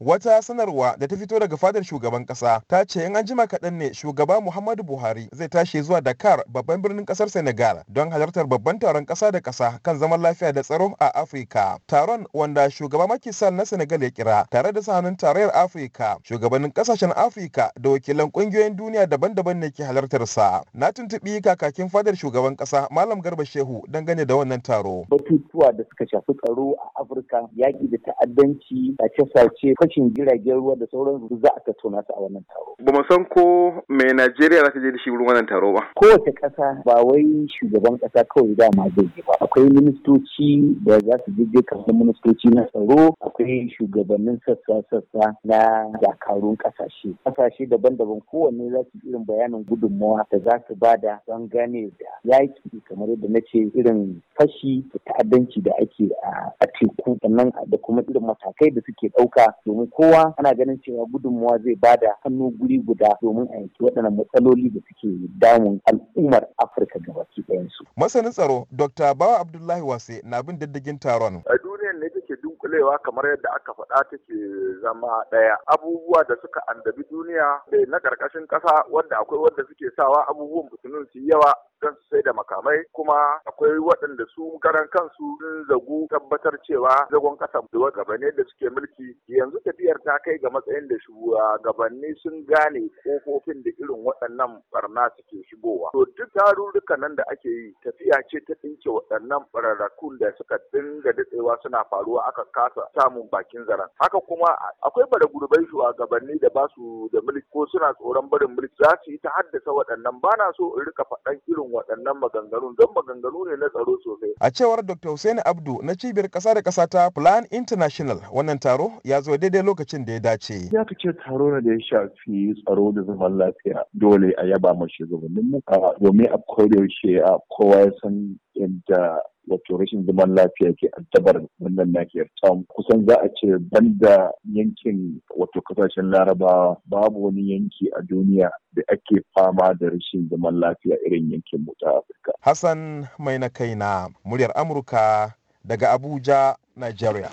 Wata sanarwa da ta fito daga fadar shugaban kasa ta ce in anjima kaɗan ne shugaba Muhammadu Buhari zai tashi zuwa Dakar babban birnin ƙasar Senegal don halartar babban taron ƙasa da ƙasa kan zaman lafiya da tsaro a Afirka. Taron wanda shugaba Macky Sall na Senegal ya kira tare da sahanin tarayyar Afirka, shugabannin ƙasashen Afirka da wakilan ƙungiyoyin duniya daban-daban ne ke halartar sa. Na tuntuɓi kakakin fadar shugaban ƙasa Malam Garba Shehu dangane da wannan taro. Batutuwa da suka shafi tsaro a Afirka, yaƙi da ta'addanci, sace ce fatocin jiragen ruwa da sauran za a tattauna su a wannan taro. Ba mu san ko mai Najeriya za ta je da shi wurin wannan taro ba. Kowace ƙasa ba wai shugaban ƙasa kawai dama zai je ba. Akwai ministoci da za su je kamar ministoci na tsaro akwai shugabannin sassa-sassa na dakarun ƙasashe. Ƙasashe daban-daban kowanne za su irin bayanin gudunmawa da za su da don gane da yaƙi kamar yadda na ce irin fashi da ta'addanci da ake a teku sannan da kuma irin matakai da suke ɗauka domin domin kowa ana ganin cewa gudunmawa zai bada hannu guri guda domin a yanki waɗannan matsaloli da suke damun al'ummar afirka gabaki ɗayansu. masanin tsaro dr bawa abdullahi wase na bin diddigin taron. a duniyar ne take dunkulewa kamar yadda aka faɗa take zama ɗaya abubuwa da suka andabi duniya da eh, na ƙarƙashin ƙasa wanda akwai wanda suke sawa abubuwan mutumin su yawa don su sai da makamai kuma akwai waɗanda su karan kansu sun zagu tabbatar cewa zagon ƙasa da gabanin da suke mulki yanzu tafiyar ta kai ga matsayin da shugabanni sun gane kofofin da irin waɗannan barna suke shigowa. To duk tarurruka nan da ake yi tafiya ce ta ɗinke waɗannan bararrakun da suka dinga daɗewa suna faruwa aka kasa samun bakin zaren. Haka kuma akwai bada gurbai shugabanni da basu su da mulki ko suna tsoron barin mulki za su yi ta haddasa waɗannan ba na so in rika faɗan irin waɗannan maganganu, don maganganu ne na tsaro sosai. A cewar Dr. Hussein Abdu na cibiyar ƙasa da ƙasa ta Plan International wannan taro ya zo daidai lokacin da ya dace. Ya ce taro na da ya shafi tsaro da zaman lafiya dole a yaba ma muka domin a kodayaushe a kowa ya san yadda wato rashin zaman lafiya ke addabar wannan nahiyar tamu kusan za a ce banda yankin wato kasashen larabawa babu wani yanki a duniya da ake fama da rashin zaman lafiya irin yankin mu ta afirka hassan mai na kai na muryar amurka daga abuja nigeria